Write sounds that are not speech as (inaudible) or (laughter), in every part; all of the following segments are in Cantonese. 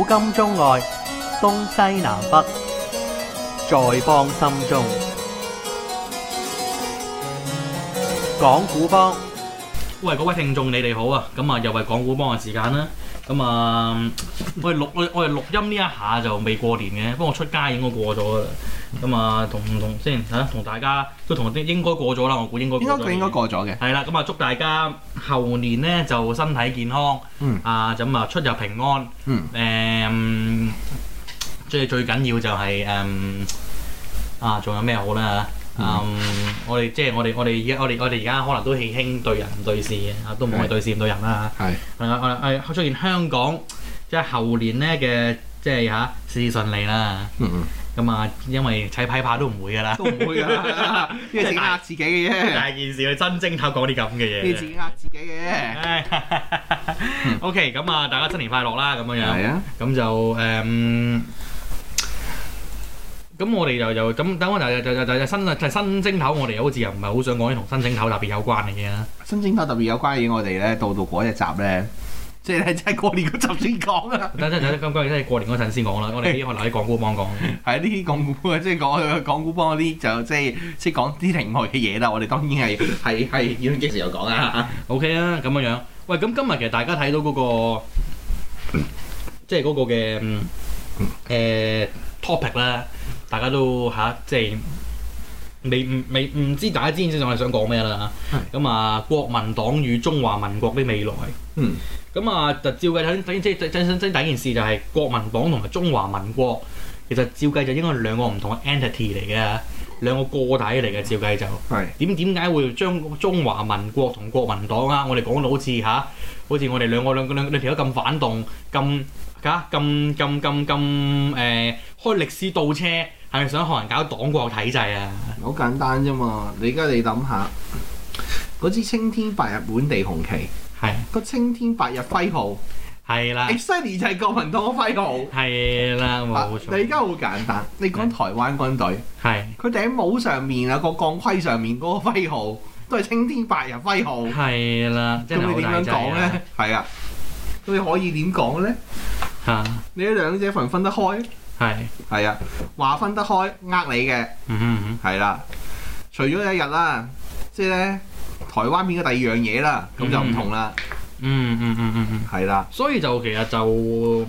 古今中外，東西南北，在邦心中。講古幫。喂，各位聽眾，你哋好啊！咁啊，又係講古幫嘅時間啦。咁啊，我哋錄我我哋錄音呢一下就未過年嘅，不過我出街應該過咗噶啦。咁啊，同唔同先同、啊、大家都同啲應該過咗啦，我估應該應該佢應該過咗嘅。係啦，咁啊，祝大家後年咧就身體健康。嗯、啊，咁啊，出入平安。即、嗯嗯、最緊要就係、是、誒、嗯，啊，仲有咩好咧、啊嗯、我哋即係我哋我哋而我哋我哋而家可能都喜輕，輕，對人對事嘅，啊都冇對事是的 唔對人啦嚇。係。祝願香港即係、就是、後年咧嘅，即係嚇事事順利啦。嗯嗯。咁啊，因為砌牌牌都唔會噶啦，都唔會噶啦，因為自己呃自己嘅啫。大件事啊，新正頭講啲咁嘅嘢，呢啲自己呃自己嘅。OK，咁啊，大家新年快樂啦，咁樣樣。係啊。咁就誒，咁我哋就就咁，等我就就就就就新就新正頭，我哋好似又唔係好想講啲同新正頭特別有關嘅嘢啊。新正頭特別有關於我哋咧，到到嗰一集咧。即係真係過年嗰陣先講啊！等陣，等陣，咁咁，即係過年嗰陣先講啦。我哋可以學嗱啲講故邦講。係啲講故啊，即係講講故邦嗰啲就即係識講啲題外嘅嘢啦。我哋當然係係係，要啲時又講啊。OK 啊，咁樣樣。喂，咁今日其實大家睇到嗰個，即係嗰個嘅誒 topic 啦，大家都嚇即係。未唔未唔知大家之前想我係想講咩啦？咁是的、嗯、啊，國民黨與中華民國的未來。嗯，咁啊、嗯，就照計睇，即係第一件事就係、是、國民黨同埋中華民國，其實照計就應該係兩個唔同嘅 entity 嚟嘅，兩個個體嚟嘅。照計就係點點解會將中華民國同國民黨啊？我哋講到好似嚇、啊，好似我哋兩個兩個兩個兩條友咁反動，咁咁咁咁咁誒，開歷史倒車。係咪想學人搞黨國體制啊？好簡單啫嘛！你而家你諗下，嗰支青天白日滿地紅旗，係個青天白日徽號，係啦的。Exc 就係國民黨徽號，係啦，冇錯。啊、你而家好簡單，你講台灣軍隊，係佢哋喺帽上面啊、個鋼盔上面嗰個徽號，都係青天白日徽號，係啦。咁你點樣講咧？係啊， (laughs) 咁你可以點講咧？嚇的！你兩者份分，分得開？係，係是啊，話分得開呃你嘅，係啦嗯嗯、啊。除咗有一日啦、啊，即係咧，台灣變咗第二樣嘢啦，咁就唔同啦。嗯哼嗯嗯嗯嗯，係啦、啊。所以就其實就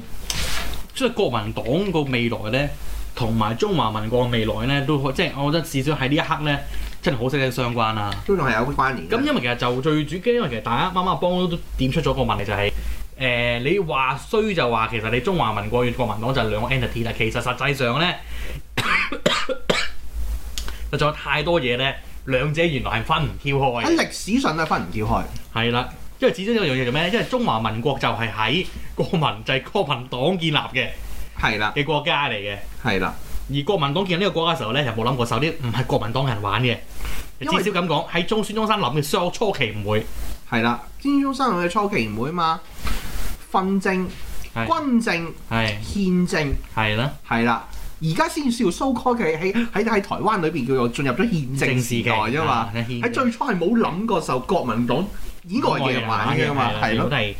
即係國民黨個未來咧，同埋中華民國個未來咧，都即係、就是、我覺得至少喺呢一刻咧，真係好息息相關啦、啊、都仲係有個關聯。咁因為其實就最主要因為其實大家啱啱幫我都點出咗個問題就係、是。誒、呃，你話衰就話，其實你中華民國與國民黨就係兩個 entity 啦。其實實際上咧，實在 (coughs) 有太多嘢咧，兩者原來係分唔開喺歷史上咧分唔開。係啦，因為始終有一樣嘢做咩咧？因為中華民國就係喺國民就係、是、國民黨建立嘅係啦嘅國家嚟嘅係啦。的而國民黨建立呢個國家嘅時候咧，就冇諗過受啲唔係國民黨的人玩嘅為至少咁講喺中，孫中山諗嘅，初期唔會係啦。孫中，中山佢嘅初期唔會啊嘛。訓政、軍政、憲政係啦，係啦，而家先至要收科嘅喺喺喺台灣裏面叫做進入咗憲政時代啫嘛。喺最初係冇諗過受國民黨以外嘅人玩嘅嘛，係咯。都係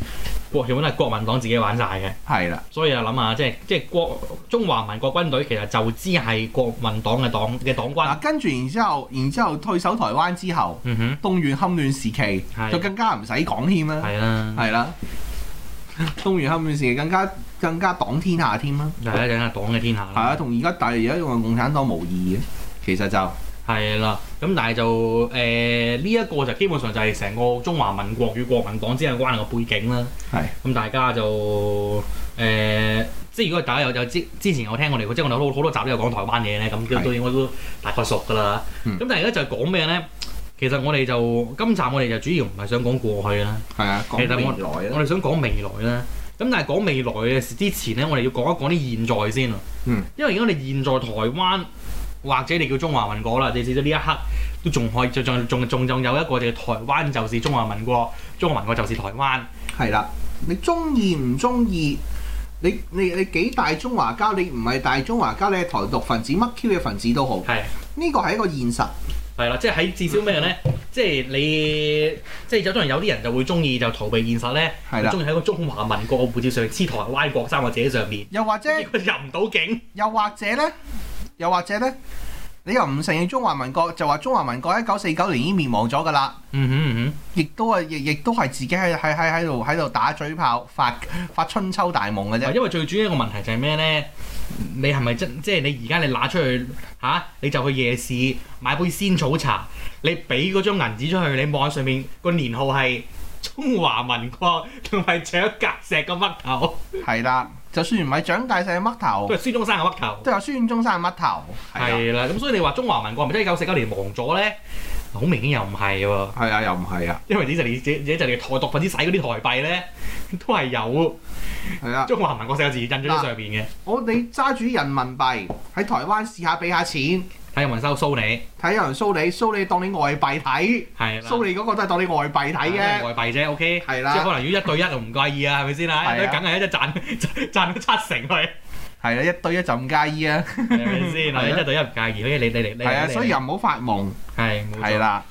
國全本係國民黨自己玩晒嘅，係啦。所以啊，諗下，即係即係國中華民國軍隊其實就知係國民黨嘅黨嘅黨軍。跟住然之後，然之後退守台灣之後，動員戡亂時期就更加唔使講添啦，係啦，係啦。中原後面時更加更加黨天下添啦，係啊，真係黨嘅天下。係啊，同而家大陸而家用嘅共產黨無異嘅，其實就係啦。咁但係就誒呢一個就基本上就係成個中華民國與國民黨之間的關係嘅背景啦。係的。咁大家就誒、呃，即係如果大家有有之之前，我聽過你，即係我哋好多好多集都有講台灣嘢咧，咁都應該都大概熟噶啦。咁的但係而家就係講咩咧？其實我哋就今集我哋就主要唔係想講過去啦，係啊，講未來我哋想講未來啦。咁但係講未來嘅之前呢，我哋要講一講啲現在先啊。嗯。因為如果你現在台灣或者你叫中華民國啦，你至到呢一刻都仲可以，仲仲仲有一個就係台灣就是中華民國，中華民國就是台灣。係啦，你中意唔中意？你你你幾大中華膠？你唔係大中華膠，你係台獨分子乜 Q 嘅分子都好。係的。呢個係一個現實。係啦，即係喺至少咩咧？即係你，即係有種人，有啲人就會中意就逃避現實咧。中意喺個中華民國嘅護照上面黐台灣國三個字上面，又或者入唔到境，又或者咧？又或者咧？你又唔承認中華民國，就話中華民國一九四九年已經滅亡咗噶啦？嗯哼，嗯哼，亦都係，亦，亦都係自己喺，喺，喺喺度喺度打嘴炮，發發春秋大夢嘅啫。因為最主要一個問題就係咩呢？你係咪真即係你而家你拿出去吓，啊？你就去夜市買杯仙草茶，你俾嗰張銀紙出去，你望上面，那個年號係中華民國，同埋蔣介石嘅乜頭？係啦。就算唔係蔣介石嘅乜頭，都係孫中山嘅乜頭，都係孫中山嘅乜頭。係啦，咁所以你話中華民國唔知一九四九年亡咗咧，好明顯又唔係喎。係啊，又唔係啊，因為你一你你呢一台獨分子使嗰啲台幣咧，都係有。係啊，中華民國四個字印咗喺上面嘅。我哋揸住人民幣喺台灣試下俾下錢。睇有人收蘇利，睇有人蘇利，蘇利當你外幣睇，係蘇利嗰個都係當你外幣睇嘅外幣啫，OK，係啦。即可能要一對一就唔介意啊，係咪先啦？咁梗係一隻賺賺到七成去，係啊，一對一就唔介意啊，係咪先？一對一唔介意，所以你你你係啊，所以又唔好發夢，係係啦，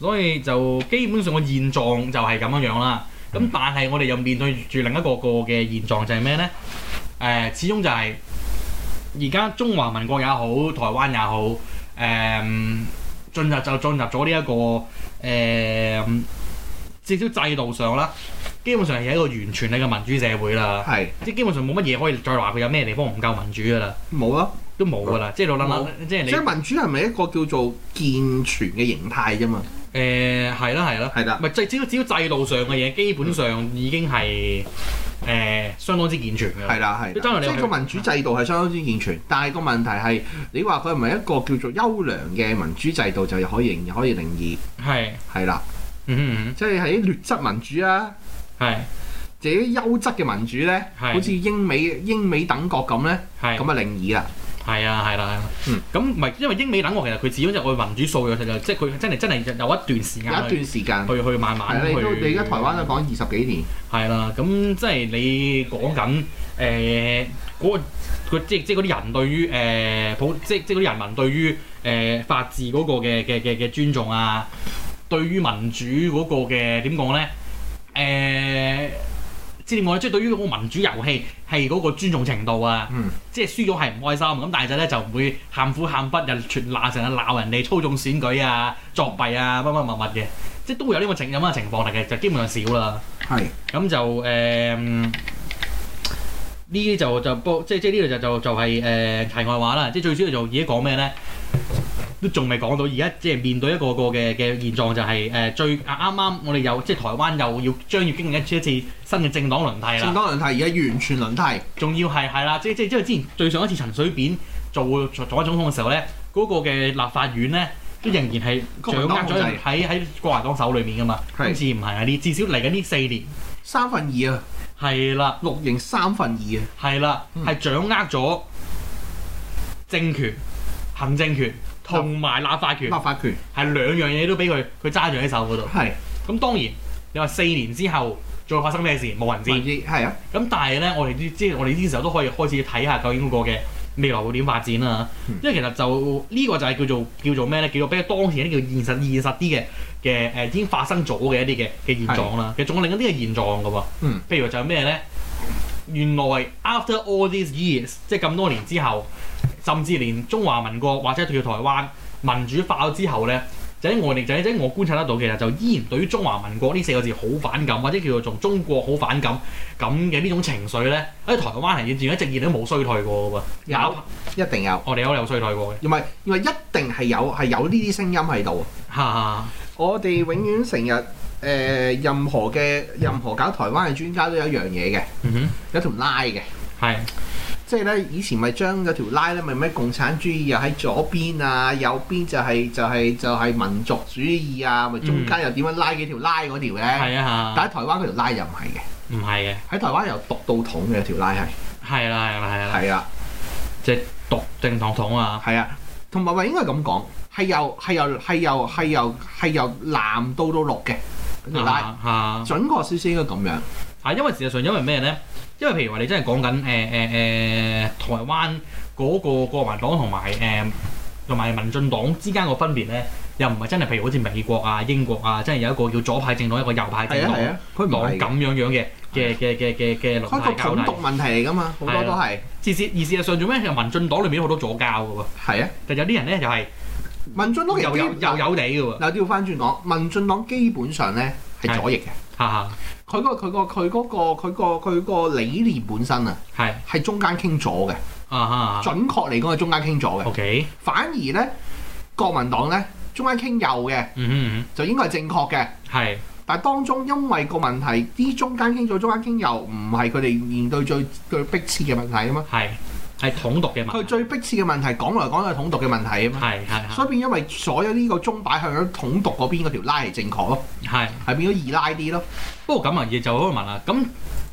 所以就基本上個現狀就係咁樣樣啦。咁但係我哋又面對住另一個個嘅現狀就係咩咧？誒，始終就係。而家中華民國也好，台灣也好，誒、嗯、進入就進入咗呢一個誒至少制度上啦，基本上係一個完全嘅民主社會啦。係是，即係基本上冇乜嘢可以再話佢有咩地方唔夠民主噶啦。冇啦、啊，都冇噶啦，嗯、即係老撚撚，有即係你。即係民主係咪一個叫做健全嘅形態啫嘛？誒係啦係啦，係啦，唔係制，只要只要制度上嘅嘢，基本上已經係。誒，相當之健全嘅，係啦，係，即係個民主制度係相當之健全，啊、但係個問題係，嗯、你話佢係咪一個叫做優良嘅民主制度就可以就可以凌二？係的，係啦的，即係喺劣質民主啊，係的，自己優質嘅民主呢，的好似英美英美等國咁呢，係的，咁啊凌二啦。係啊，係啦、啊，啊、嗯，咁唔係，因為英美等我其實佢始終就愛民主嘅。義，就即係佢真係真係有一段時間，有一段時間去去慢慢去。啊、你而家台灣都講二十幾年，係啦、啊，咁、呃、即係你講緊嗰即係即嗰啲人對於、呃、普，即係即嗰啲人民對於、呃、法治嗰個嘅嘅嘅嘅尊重啊，對於民主嗰個嘅點講咧？即點講咧？即對於個民主遊戲係嗰個尊重程度啊，即係、嗯、輸咗係唔開心咁，但係咧就唔會喊苦喊屈又全鬧成日鬧人哋操縱選舉啊、作弊啊、乜乜物物嘅，即係、就係、都會有呢個情咁嘅情況嚟嘅，就基本上少啦。係咁是就誒，呢、呃、啲就就播，即即呢度就係、就就係誒題外話啦。即最主要就而家講咩咧？都仲未講到，而家即係面對一個個嘅嘅現狀，就是剛剛我們有，就係誒最啱啱我哋又即係台灣又要將要經歷一次一次新嘅政黨輪替啦。政黨輪替而家完全輪替，仲要係係啦，即係即係因為之前最上一次陳水扁做做，做總統嘅時候咧，嗰、那個嘅立法院咧都仍然係掌握咗喺喺國民黨手裏面噶嘛。唔似唔係啊？你至少嚟緊呢四年三分二啊，係啦的，六成三分二啊，係啦的，係、嗯、掌握咗政權、行政權。同埋立法權，立法權係兩樣嘢都俾佢佢揸住喺手嗰度。係咁是、嗯，當然你話四年之後再發生咩事，冇人知。係啊！咁、嗯嗯、但係咧，我哋之我哋呢啲時候都可以開始睇下究竟嗰個嘅未來會點發展啦、啊。因為其實就呢、呢個就係叫做叫做咩咧？叫做比較當時啲叫現實現實啲嘅嘅誒已經發生咗嘅一啲嘅嘅現狀啦。其實仲有另一啲嘅現狀噶喎，嗯，譬如話就係咩咧？原來 after all these years，即係咁多年之後，甚至連中華民國或者叫台灣民主化咗之後咧，就喺外力就喺我觀察得到嘅，實就依然對於中華民國呢四個字好反感，或者叫做從中國好反感咁嘅呢種情緒咧，喺台灣人完全一直以嚟都冇衰退過嘅噃。有，我一定有。我哋都有衰退過嘅，唔係因為一定係有係有呢啲聲音喺度。嚇！ (laughs) 我哋永遠成日。呃、任何嘅任何搞台灣嘅專家都有一樣嘢嘅，嗯、哼有條拉嘅，係的即係咧。以前咪將嗰條拉咧，咪咩共產主義又喺左邊啊，右邊就係、是、就係、是、就係、是、民族主義啊，咪、嗯、中間又點樣拉幾條拉嗰條咧？係啊的，但係台灣嗰條拉又唔係嘅，唔係嘅。喺台灣由獨到統嘅條拉係係啦，係啦，係啦，係啦，即係獨定統統啊，係啊，同埋咪應該咁講，係由係由係由係由係由藍到到綠嘅。係啊，啊準確少少應該咁樣。係因為事實上，因為咩咧？因為譬如話，你真係講緊台灣嗰個國民黨同埋同埋民進黨之間個分別咧，又唔係真係譬如好似美國啊、英國啊，真係有一個叫左派政黨一個右派政黨，黨。係啊，佢唔係講咁樣樣嘅嘅嘅嘅嘅嘅。佢、啊、個統獨問題嚟㗎嘛，好多都係、啊。而事實上做咩？其實民進黨裏面好多左膠㗎喎。係啊。但有啲人咧就係、是。民進黨又有又喎，嗱，都要翻轉講，民進黨基本上咧係左翼嘅，佢個佢個佢個佢個佢個理念本身啊，係，係中間傾左嘅，準確嚟講係中間傾左嘅，反而咧國民黨咧中間傾右嘅，就應該係正確嘅，係，但係當中因為個問題，啲中間傾左、中間傾右唔係佢哋面對最最逼切嘅問題啊嘛，係。係統獨嘅問題，佢最迫切嘅問題，的問題講來講係統獨嘅問題啊嘛，是是是所以變因為所有呢個鐘擺向咗統獨嗰邊嗰條拉係正確咯，係係是是 變咗易拉啲咯、嗯。不過咁啊嘢就可以問啦，咁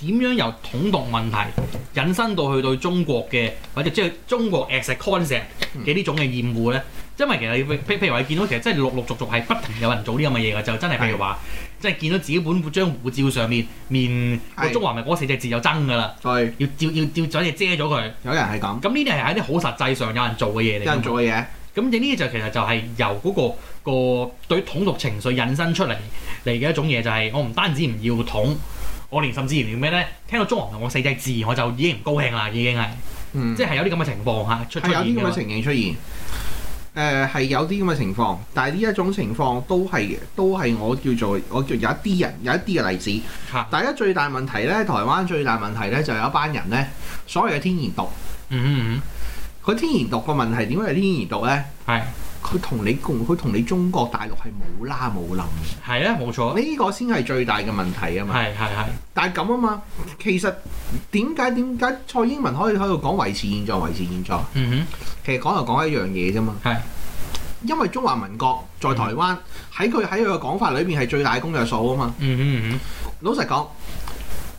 點樣由統獨問題引申到去對中國嘅或者即係中國 as a concept 嘅呢種嘅厭惡咧？嗯、因為其實你譬如話你見到其實真係陸陸續續係不停有人做呢咁嘅嘢嘅，就真係譬如話。即係見到自己本張護照上面面個是中華民國四隻字就憎㗎啦，要照要照咗嘢遮咗佢。有人係咁。咁呢啲係一啲好實際上有人做嘅嘢嚟，有人做嘅嘢。咁呢啲就其實就係由嗰、那個個對統獨情緒引申出嚟嚟嘅一種嘢，就係我唔單止唔要統，我連甚至唔要咩咧？聽到中華民國四隻字我就已經唔高興啦，已經係，嗯、即係有啲咁嘅情況嚇出出現㗎。係有啲咁嘅情形出現。出現。誒係、呃、有啲咁嘅情況，但係呢一種情況都係都係我叫做我叫做有一啲人有一啲嘅例子嚇。的大家最大問題呢，台灣最大問題呢，就有一班人呢，所謂嘅天然毒。嗯哼嗯嗯，佢天然毒個問題點解係天然毒呢？係。佢同你共，佢同你中國大陸係冇拉冇冧嘅。係啊，冇錯。呢個先係最大嘅問題啊嘛。係係係。係但係咁啊嘛，其實點解點解蔡英文可以喺度講維持現狀，維持現狀？嗯哼。其實講就講一樣嘢啫嘛。係的。因為中華民國在台灣，喺佢喺佢嘅講法裏邊係最大嘅公約數啊嘛。嗯哼嗯嗯。老實講，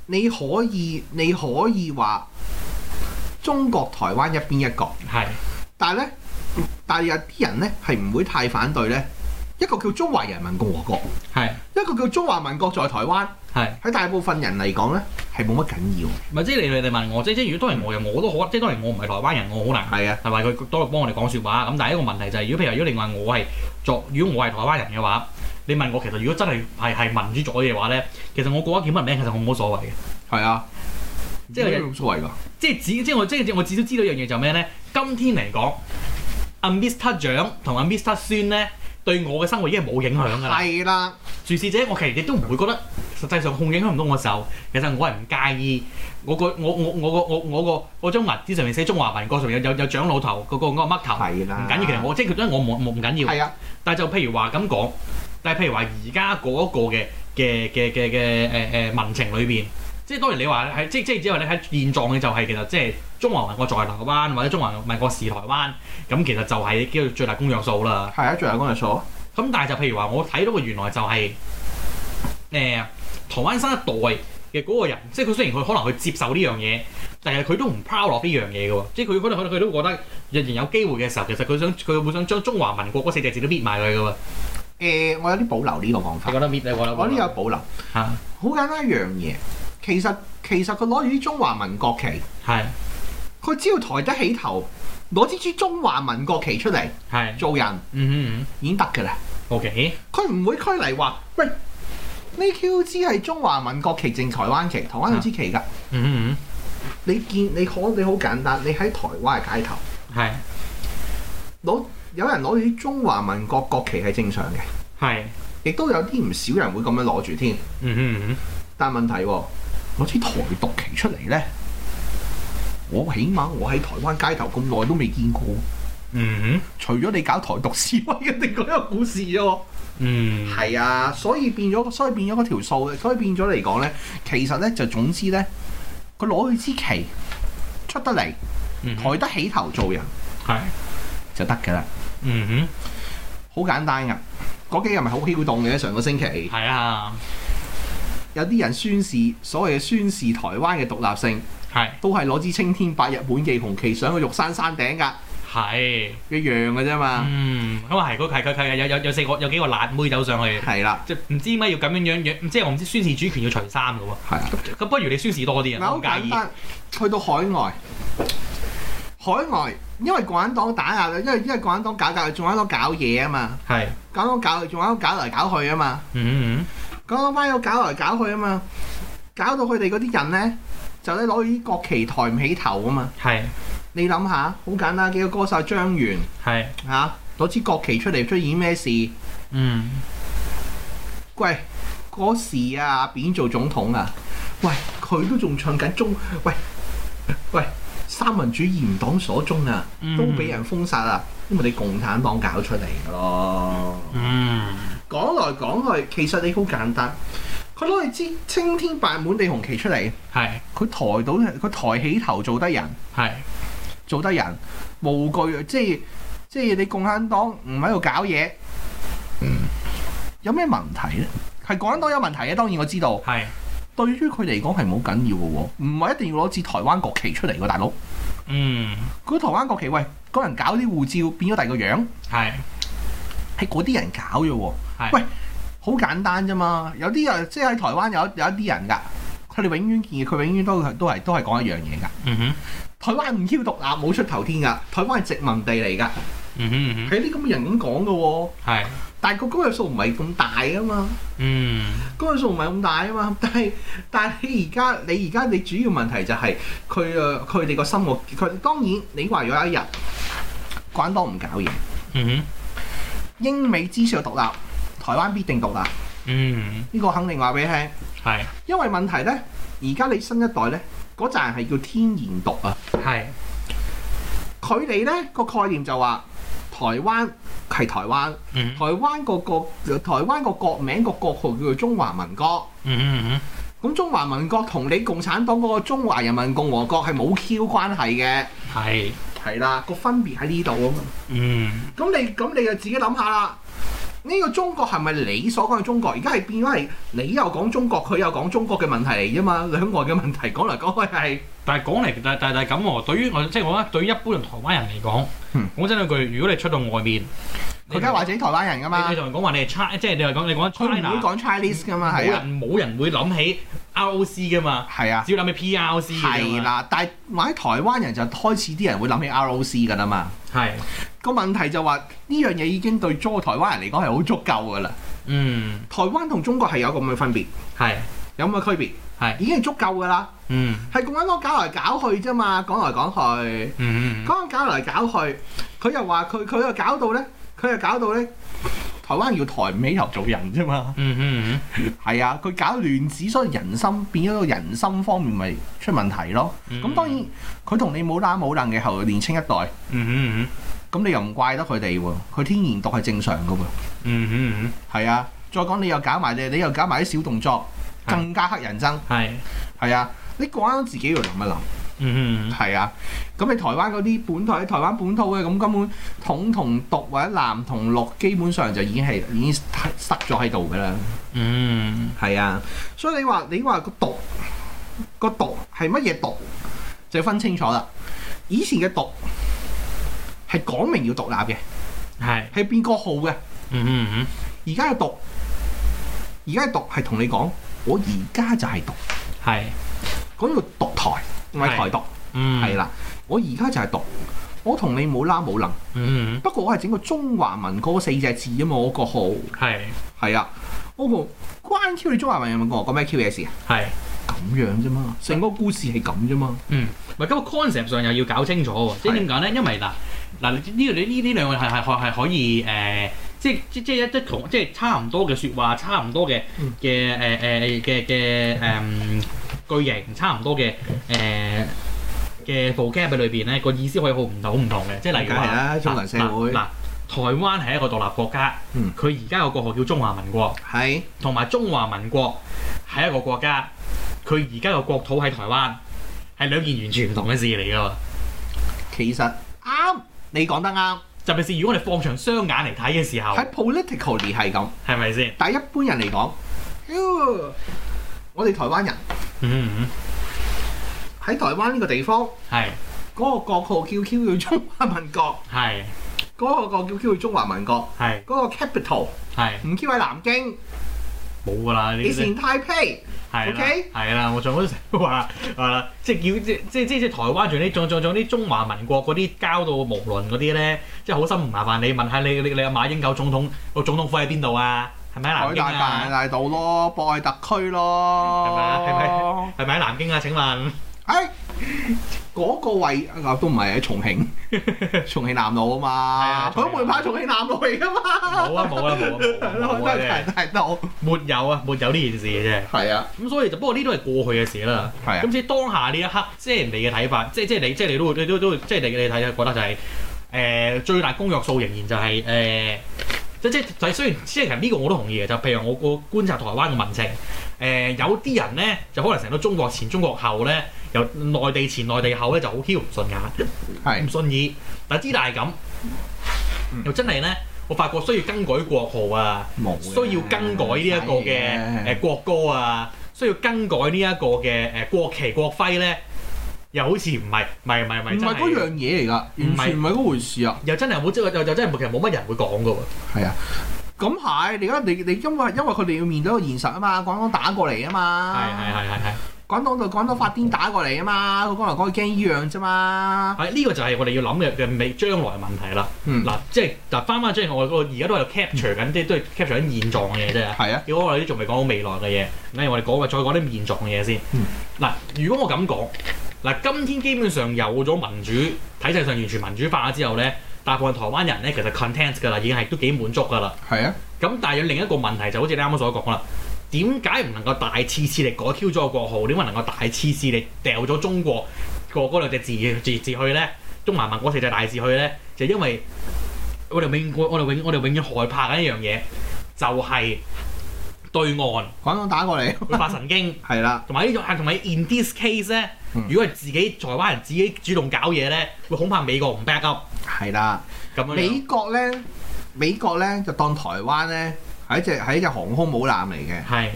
你可以你可以話中國台灣一邊一國。係的。但係呢。但係有啲人咧係唔會太反對咧。一個叫中華人民共和國，係是的 一個叫中華民國在台灣，係喺是的 大部分人嚟講咧係冇乜緊要。唔係即係你你哋問我，即即係如果當然我，我都好。即係當然我唔係台灣人，我好難係啊。係咪佢多嚟幫我哋講説話咁？但係一個問題就係、是，如果譬如如果你外我係作，如果我係台灣人嘅話，你問我其實如果真係係係民主咗嘅話咧，其實我過一叫乜名其實我冇乜所謂嘅。係啊，即係冇所謂㗎是。即係即係我即係我至少知道一樣嘢就係咩咧？今天嚟講。阿、啊、Mr. 蔣同阿 Mr. 孫咧，對我嘅生活已經係冇影響㗎啦。係啦的，注視者我其實亦都唔會覺得實際上控影響唔到我手。其實我係唔介意我個我我我個我我個我張襪子上面寫中華民國，上面有有有蔣老頭嗰、那個嗰個乜頭，唔緊要。其實我即、就是、係佢，因我冇冇唔緊要。係啊，但係就譬如話咁講，但係譬如話而家嗰個嘅嘅嘅嘅嘅誒民情裏邊。即係當然，你話係即即係只係你喺現狀嘅就係其實即係中華民國在台灣或者中華民國是台灣咁，其實就係叫做最大公約數啦。係啊，最大公約數。咁、嗯、但係就譬如話，我睇到嘅原來就係、是、誒、欸、台灣新一代嘅嗰個人，即係佢雖然佢可能去接受呢樣嘢，但係佢都唔 proud 落呢樣嘢嘅喎。即係佢可能佢都覺得仍然有機會嘅時候，其實佢想佢會想將中華民國嗰四隻字都搣埋佢嘅喎。誒，我有啲保留呢個講法。我覺得搣你我我都有保留嚇。好簡單一樣嘢。其實其實佢攞住啲中華民國旗，係佢是只要抬得起頭，攞支支中華民國旗出嚟，係是做人，嗯嗯嗯，已經得㗎啦。OK，佢唔會拘泥話，喂，呢 Q 支係中華民國旗定台灣旗，台灣嗰支旗㗎。嗯嗯嗯，你見你可你好簡單，你喺台灣街頭，係攞是有人攞住啲中華民國國旗係正常嘅，係亦是都有啲唔少人會咁樣攞住添。嗯哼嗯嗯，但問題喎、啊。攞支台獨旗出嚟咧，我起碼我喺台灣街頭咁耐都未見過。嗯哼，除咗你搞台獨示威嘅，你講嗰個故事啫。嗯，係啊，所以變咗，所以變咗嗰條數，所以變咗嚟講咧，其實咧就總之咧，佢攞佢支旗出得嚟，嗯、哼抬得起頭做人係是就得噶啦。嗯哼，好簡單噶，嗰幾日咪好囂張嘅，上個星期係啊。有啲人宣示所謂嘅宣示台灣嘅獨立性，係是的 都係攞支青天白日滿地紅旗上去玉山山頂㗎，係一是的 樣嘅啫嘛。嗯，咁啊係，佢係佢佢有有有四個有幾個辣妹走上去，係啦，唔知點解要咁樣樣，即係我唔知我唔知宣示主權要除衫嘅喎。係啊，咁不如你宣示多啲啊，唔好、嗯、介意。去到海外，海外因為國民黨打壓因為因為國民黨搞搞仲喺度搞嘢啊嘛，係是的，搞搞搞仲喺度搞嚟搞去啊嘛，嗯嗯。講講灣友搞來搞去啊嘛，搞到佢哋嗰啲人呢，就咧攞住國旗抬唔起頭啊嘛。係是，你諗下，好簡單，幾個歌手、啊、張元，係嚇攞支國旗出嚟，出現咩事？嗯，喂，嗰時啊，阿扁做總統啊，喂，佢都仲唱緊中，喂喂，三民主義吾黨所宗啊，都俾人封殺啦、啊。嗯。因為你共產黨搞出嚟噶咯，嗯，講來講去，其實你好簡單，佢攞支青天白滿地紅旗出嚟，係是，佢抬到佢抬起頭做低人，係是，做低人，無懼，即係即係你共產黨唔喺度搞嘢，嗯，有咩問題咧？係共產黨有問題嘅，當然我知道，係是，對於佢嚟講係冇緊要噶，唔係一定要攞支台灣國旗出嚟噶，大佬。嗯，嗰台灣國旗，喂，嗰人搞啲護照變咗第二個樣，係係嗰啲人搞嘅喎，係，喂，好簡單啫嘛，有啲人即係喺台灣有一有一啲人㗎，佢哋永遠見佢永遠都係都係都係講一樣嘢㗎，嗯哼，台灣唔挑獨立冇出頭天㗎，台灣係殖民地嚟㗎，嗯哼，係啲咁嘅人咁講㗎喎，係。但個公約數唔係咁大啊嘛，嗯，公約數唔係咁大啊嘛，但係但係而家你而家你，你主要問題就係佢個佢哋個生活，佢當然你話有一日，關多唔搞嘢，嗯哼，英美之上獨立，台灣必定獨立，嗯哼，呢個肯定話俾你聽，係是，因為問題咧，而家你新一代咧，嗰陣係叫天然獨啊，係是，佢哋咧個概念就話台灣。係台灣，嗯、台灣個國，台灣的國名個國號叫做中華民國。咁、嗯嗯嗯、中華民國同你共產黨個中華人民共和國係冇 Q 關係嘅，係係啦，個分別喺呢度啊嘛。咁、嗯、你咁你就自己諗下啦。呢個中國係咪你所講嘅中國？而家係變咗係你又講中國，佢又講中國嘅問題嚟啫嘛，兩外嘅問題講嚟講去係，但係講嚟，但係但係咁喎。對於我即係我覺得，對於一般人台灣人嚟講，講、嗯、真兩句，如果你出到外面，佢而家話自己台灣人噶嘛？你同人講話你係即係你話講你講 China，講 Chinese 噶嘛？係啊，冇人會諗起 ROC 噶嘛？係啊，只要諗起 PRC 係啦。但係話喺台灣人就開始啲人會諗起 ROC 噶啦嘛。係個是問題就話呢樣嘢已經對咗台灣人嚟講係好足夠噶啦。嗯，台灣同中國係有咁嘅分別，係是有咁嘅區別，係是已經係足夠噶啦。嗯，係共產黨搞來搞去啫嘛，講嚟講去，咁樣、嗯、搞來搞去，佢又話佢佢又搞到咧，佢又搞到咧。 (laughs) 台灣要抬唔起頭做人啫嘛，係、嗯嗯、啊，佢搞亂子，所以人心變咗個人心方面咪出問題咯。咁、嗯、哼當然佢同你冇膽冇能嘅後年青一代，嗯嗯咁你又唔怪得佢哋喎，佢天然獨係正常㗎嘛、嗯。嗯嗯嗯，係啊，再講你又搞埋你，你又搞埋啲小動作，更加黑人憎。係的的啊，你講緊自己要諗一諗。嗯係、mm hmm. 啊。咁你台灣嗰啲本土，台灣本土嘅，咁根本統同獨或者藍同綠，基本上就已經係已經失咗喺度噶啦。嗯係、mm hmm. 啊。所以你話你話個獨個獨係乜嘢獨，就分清楚啦。以前嘅獨係講明要獨立嘅，係是，係變國號嘅？嗯嗯，而家嘅獨，而家嘅獨係同你講，我而家就係獨，係是，講要獨台。咪台獨，係啦是、嗯。我而家就係讀，我同你冇拉冇楞。嗯、不過我係整個中華民國四隻字啊嘛，我個號。係係啊，我關關 Q 你中華民國有有歌個咩 Q 嘢事啊是？係咁樣啫嘛，成的個故事係咁啫嘛。嗯，唔係今日 concept 上又要搞清楚喎。是即係點解咧？因為嗱嗱呢個呢呢兩樣係係係可以誒、呃，即係即即一即同即係差唔多嘅説話，差唔多嘅嘅誒誒嘅嘅誒。句型差唔多嘅誒嘅副 caption 裏邊呢，個意思可以好唔同唔同嘅，即係例如啊，中華社會嗱，台灣係一個獨立國家，佢而家個國號叫中華民國，係同埋中華民國係一個國家，佢而家個國土喺台灣，係兩件完全唔同嘅事嚟㗎。其實啱，你講得啱，特別是如果我哋放長雙眼嚟睇嘅時候，喺 political 嚟係咁，係咪先？但係一般人嚟講，喲。我哋台灣人，喺、嗯嗯、台灣呢個地方，係嗰是個國號叫 Q, Q，叫中華民國，係嗰是個國叫 Q, Q，叫中華民國，係嗰是個 capital，係唔是 Q 喺南京，冇㗎啦，你以前台北的，OK，係啦，我仲嗰時話話，即係叫即即即台灣仲有啲仲仲仲有啲中華民國嗰啲交到無論嗰啲咧，即係好心唔麻煩你問下你你你阿馬英九總統個總統府喺邊度啊？係咪喺南京海大大道咯，博愛特區咯，係咪啊？係咪？係咪喺南京啊？請問，哎，嗰個位啊都唔係喺重慶，重慶南路啊嘛，佢門牌重慶南路嚟噶嘛？冇啦冇啦冇啦，海大大道，沒有啊，沒有呢件事嘅啫。係啊，咁所以就不過呢都係過去嘅事啦。係啊，咁即係當下呢一刻，即係你嘅睇法，即係即係你，即係你都會，你都都即係你嘅睇法，覺得就係誒最大公約數仍然就係誒。即即就係雖然即係其實呢個我都同意嘅，就譬如我個觀察台灣嘅民情，誒、呃、有啲人咧就可能成到中國前中國後咧，由內地前內地後咧就好囂唔順眼，係唔順耳。但之但係咁又真係咧，我發覺需要更改國號啊，需要更改呢一個嘅誒國歌啊，需要更改呢一個嘅誒國旗國徽咧。又好似唔係，唔係，唔係，唔係。唔係嗰樣嘢嚟噶，是完全唔係嗰回事啊又。又真係好，即係又真係，其實冇乜人會講噶喎。係啊，咁係你而家你你因為因為佢哋要面對個現實啊嘛，港黨打過嚟啊嘛，係係係係係港黨就港黨發癲打過嚟啊嘛，佢、嗯、講嚟講去驚依樣啫嘛。係、這、呢個就係我哋要諗嘅未將來嘅問題、嗯、啦。嗱，即係嗱翻翻將來我而家都係 capture 緊，即、嗯、都係 capture 緊現狀嘅嘢啫。係是啊，如果我哋仲未講到未來嘅嘢，咁而我哋講個再講啲現狀嘅嘢先。嗱、嗯，如果我咁講。嗱，今天基本上有咗民主體制上完全民主化之後咧，大部分台灣人咧其實 content 嘅啦，已經係都幾滿足嘅啦。係啊，咁但係有另一個問題，就好似你啱啱所講啦，點解唔能夠大次次地改 Q 咗個國號？點解能夠大次次地掉咗中國個嗰兩隻字字字去咧？中華民國四隻大字去咧？就是，因為我哋永我哋永我哋永遠害怕緊一樣嘢，就係、是、對岸，香港打過嚟 (laughs) 會發神經。係啦的，同埋呢種，同埋 in this case 咧。如果係自己台灣人自己主動搞嘢咧，會恐怕美國唔 backup。係啦，咁樣。美國咧，美國咧就當台灣咧係一隻係一隻航空母艦嚟嘅。係的。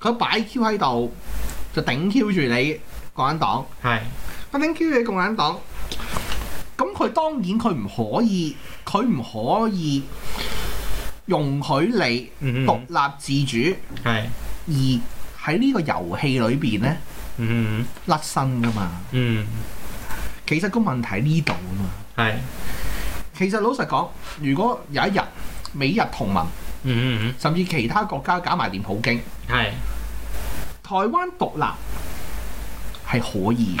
佢擺 Q 喺度，就頂 Q 住你共產黨。係的。佢頂 Q 住你共產黨，咁佢當然佢唔可以，佢唔可以容許你獨立自主。係、嗯嗯。係。而喺呢個遊戲裏邊咧。嗯，甩身噶嘛？嗯，其實個問題喺呢度啊嘛。係，其實老實講，如果有一日美日同盟，嗯嗯甚至其他國家搞埋連普京，係，台灣獨立係可以，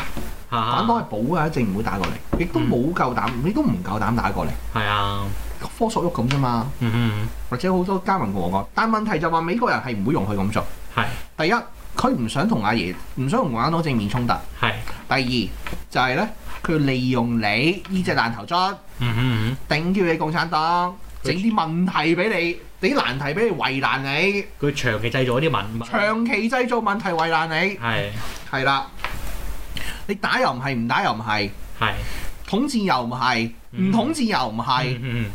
反黨係保噶，一定唔會打過嚟，亦都冇夠膽，你都唔夠膽打過嚟。係啊，科索沃咁啫嘛。嗯嗯，或者好多加盟國同我講，但係問題就話美國人係唔會容佢咁做。係，第一。佢唔想同阿爺，唔想同共產黨正面衝突。係是，第二就係、是、呢，佢利用你呢隻爛頭卒，嗯哼嗯哼頂叫你共產黨，整啲他問題俾你，整啲難題俾你為難你。佢長期製造啲問長期製造問題為難你。係是，係啦，你打又唔係，唔打又唔係，係是統戰又唔係，唔、嗯、統戰又唔係。嗯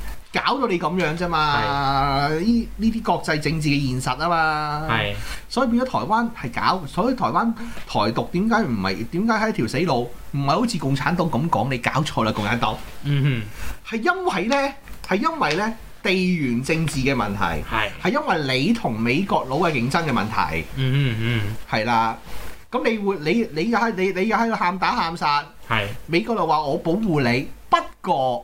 搞到你咁樣啫嘛，呢呢啲國際政治嘅現實啊嘛，所以變咗台灣係搞，所以台灣台獨點解唔係點解係條死路？唔係好似共產黨咁講，你搞錯啦，共產黨。嗯哼，係因為咧，係因為咧地緣政治嘅問題，係係因為你同美國佬嘅競爭嘅問題。嗯嗯嗯，係啦，咁你會你你又喺你你又喺度喊打喊殺，係美國就話我保護你，不過，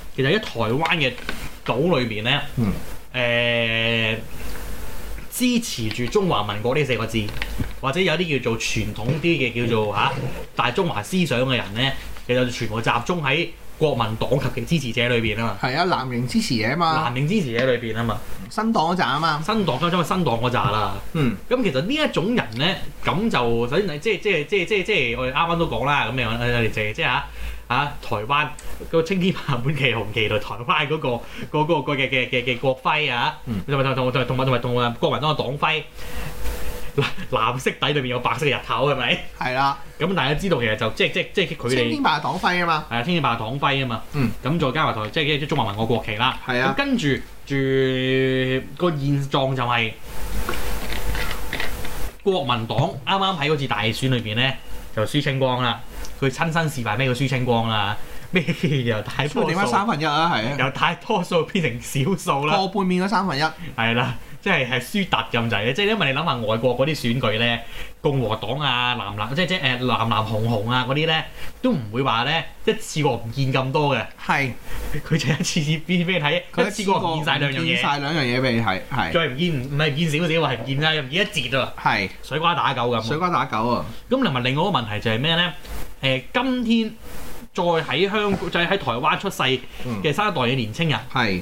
其實喺台灣嘅島裏邊咧，誒、嗯欸，支持住中華民國呢四個字，或者有啲叫做傳統啲嘅叫做吓、啊、大中華思想嘅人咧，其實全部集中喺國民黨及嘅支持者裏邊啊嘛。係啊，藍營支持者啊嘛。藍營支持者裏邊啊嘛。新黨嗰扎啊嘛。就是、新黨，咁即新黨嗰扎啦。嗯。咁其實呢一種人咧，咁就首先即係即係即係即係即係我哋啱啱都講啦，咁你我即即係吓。啊、台灣、嗰個青天白日旗紅旗台灣嗰、嗰個嗰、嗰個、嗰個嘅嘅嘅嘅國徽啊，同埋同同同同埋同埋同埋國民黨嘅黨徽，嗱藍色底裏面有白色嘅日頭係咪？係啦。咁、啊、大家知道其實就即即即佢青天白嘅黨徽啊嘛。係啊，青天白嘅黨徽啊嘛。咁、嗯、再加埋台即即、即係、中華民國國旗啦。係啊。跟住住、嗰個現狀就係國民黨啱啱喺嗰次大選裏邊咧就輸清光啦。佢親身示範咩叫輸清光啦，咩由大多數點解三分一啊？係啊，由大多數變成少數啦，過半變咗三分一係啦，即係係輸突咁滯咧。即係因為你諗下外國嗰啲選舉咧，共和黨啊，藍藍即係即係誒藍藍紅紅啊嗰啲咧，都唔會話咧一次過唔見咁多嘅。係佢就一次次變俾你睇，一次過唔見曬兩樣嘢，唔見曬兩樣嘢俾你睇，係再唔見唔唔係見少少，係唔見曬，唔見一截啊，係水瓜打狗咁，水瓜打狗啊。咁同埋另外一個問題就係咩咧？誒，今天再喺香港，即係喺台灣出世嘅新一代嘅年青人，係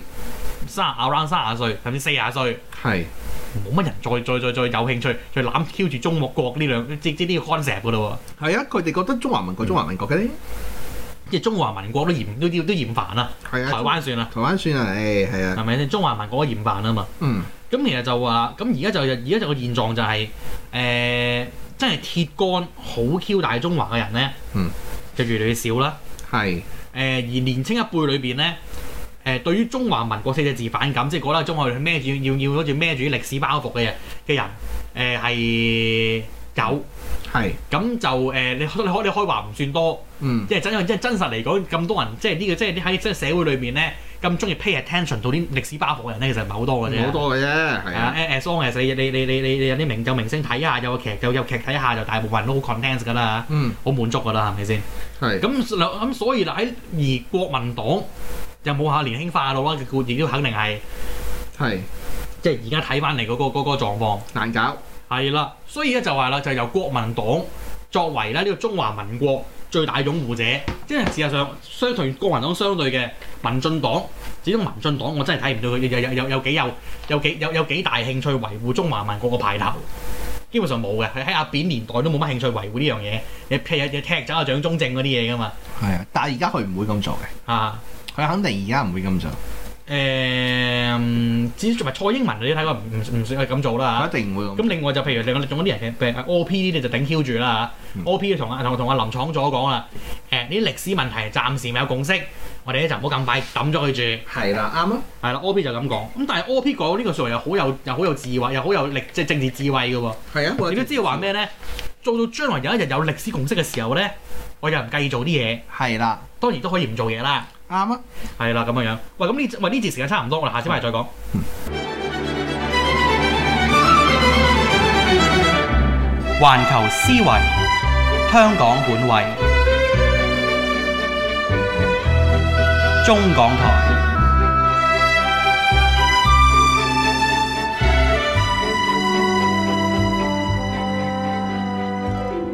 三 around 三廿歲，甚至四廿歲，係冇乜人再再再再有興趣去攬挑住中華國呢兩即即呢個 concept 㗎咯喎。係啊，佢哋覺得中華民國，中華民國嘅，即係、嗯、中華民國都嫌都都嫌煩啦。係啊，台灣算啦，台灣算啦，誒係、欸、啊。係咪先？中華民國都嫌煩啊嘛。嗯。咁其實就話，咁而家就而家就個現狀就係、是、誒。欸真係鐵桿好 Q 大的中華嘅人咧，嗯，就越嚟越少啦。係是、呃，而年青一輩裏面咧，誒、呃、對於中華民國四隻字反感，即係覺得中學佢孭住要要要攞住孭住啲歷史包袱嘅人嘅人，誒、呃、係有咁是就你、呃、你開啲開話唔算多，嗯，即係真因為真係真實嚟講，咁多人即係呢個即係喺即係社會裏面咧。咁中意 pay attention 到啲歷史包袱嘅人咧，其實唔係好多嘅啫，好多嘅啫。係啊，as long as，你你你你你有啲名有明星睇下，有個劇有有劇睇下，就大部分都好 content 噶啦，嗯，好滿足噶啦，係咪先？係是。咁咁所以啦，喺而國民黨又冇下年輕化到啦，佢自然都肯定係係，即係而家睇翻嚟嗰個嗰個狀況難搞。係啦，所以咧就話啦，就由國民黨作為啦呢個中華民國，最大的擁護者，即係事實上，相同國民黨相對嘅民進黨，始終民進黨我真係睇唔到佢有有有有有幾有有幾有有幾大興趣維護中華民國個牌頭，基本上冇嘅，佢喺阿扁年代都冇乜興趣維護呢樣嘢，你踢日你踢走阿蔣中正嗰啲嘢噶嘛？係啊，但係而家佢唔會咁做嘅，啊，佢肯定而家唔會咁做。誒、欸。只係咪蔡英文你都睇過唔唔算係咁做啦、啊、一定唔會咁。咁另外就譬如另外仲有啲人嘅，譬如 OP 呢，就頂 Q 住啦、啊嗯、OP 同啊同啊林廠長講啦，誒、呃、啲歷史問題暫時未有共識，我哋咧就唔好咁快抌咗佢住。係啦，啱咯。係啦，OP 就咁講。咁但係 OP 講呢個說話又好有又好有智慧，又好有力，即係政治智慧嘅喎。係啊，點都知道話咩咧？做到將來有一日有歷史共識嘅時候咧，我又唔介意做啲嘢。係啦的，當然都可以唔做嘢啦。啱啊，係啦咁樣樣，喂，咁呢喂呢節時間差唔多啦，下次翻嚟再講。 (laughs) 環球思維，香港本位，中港台。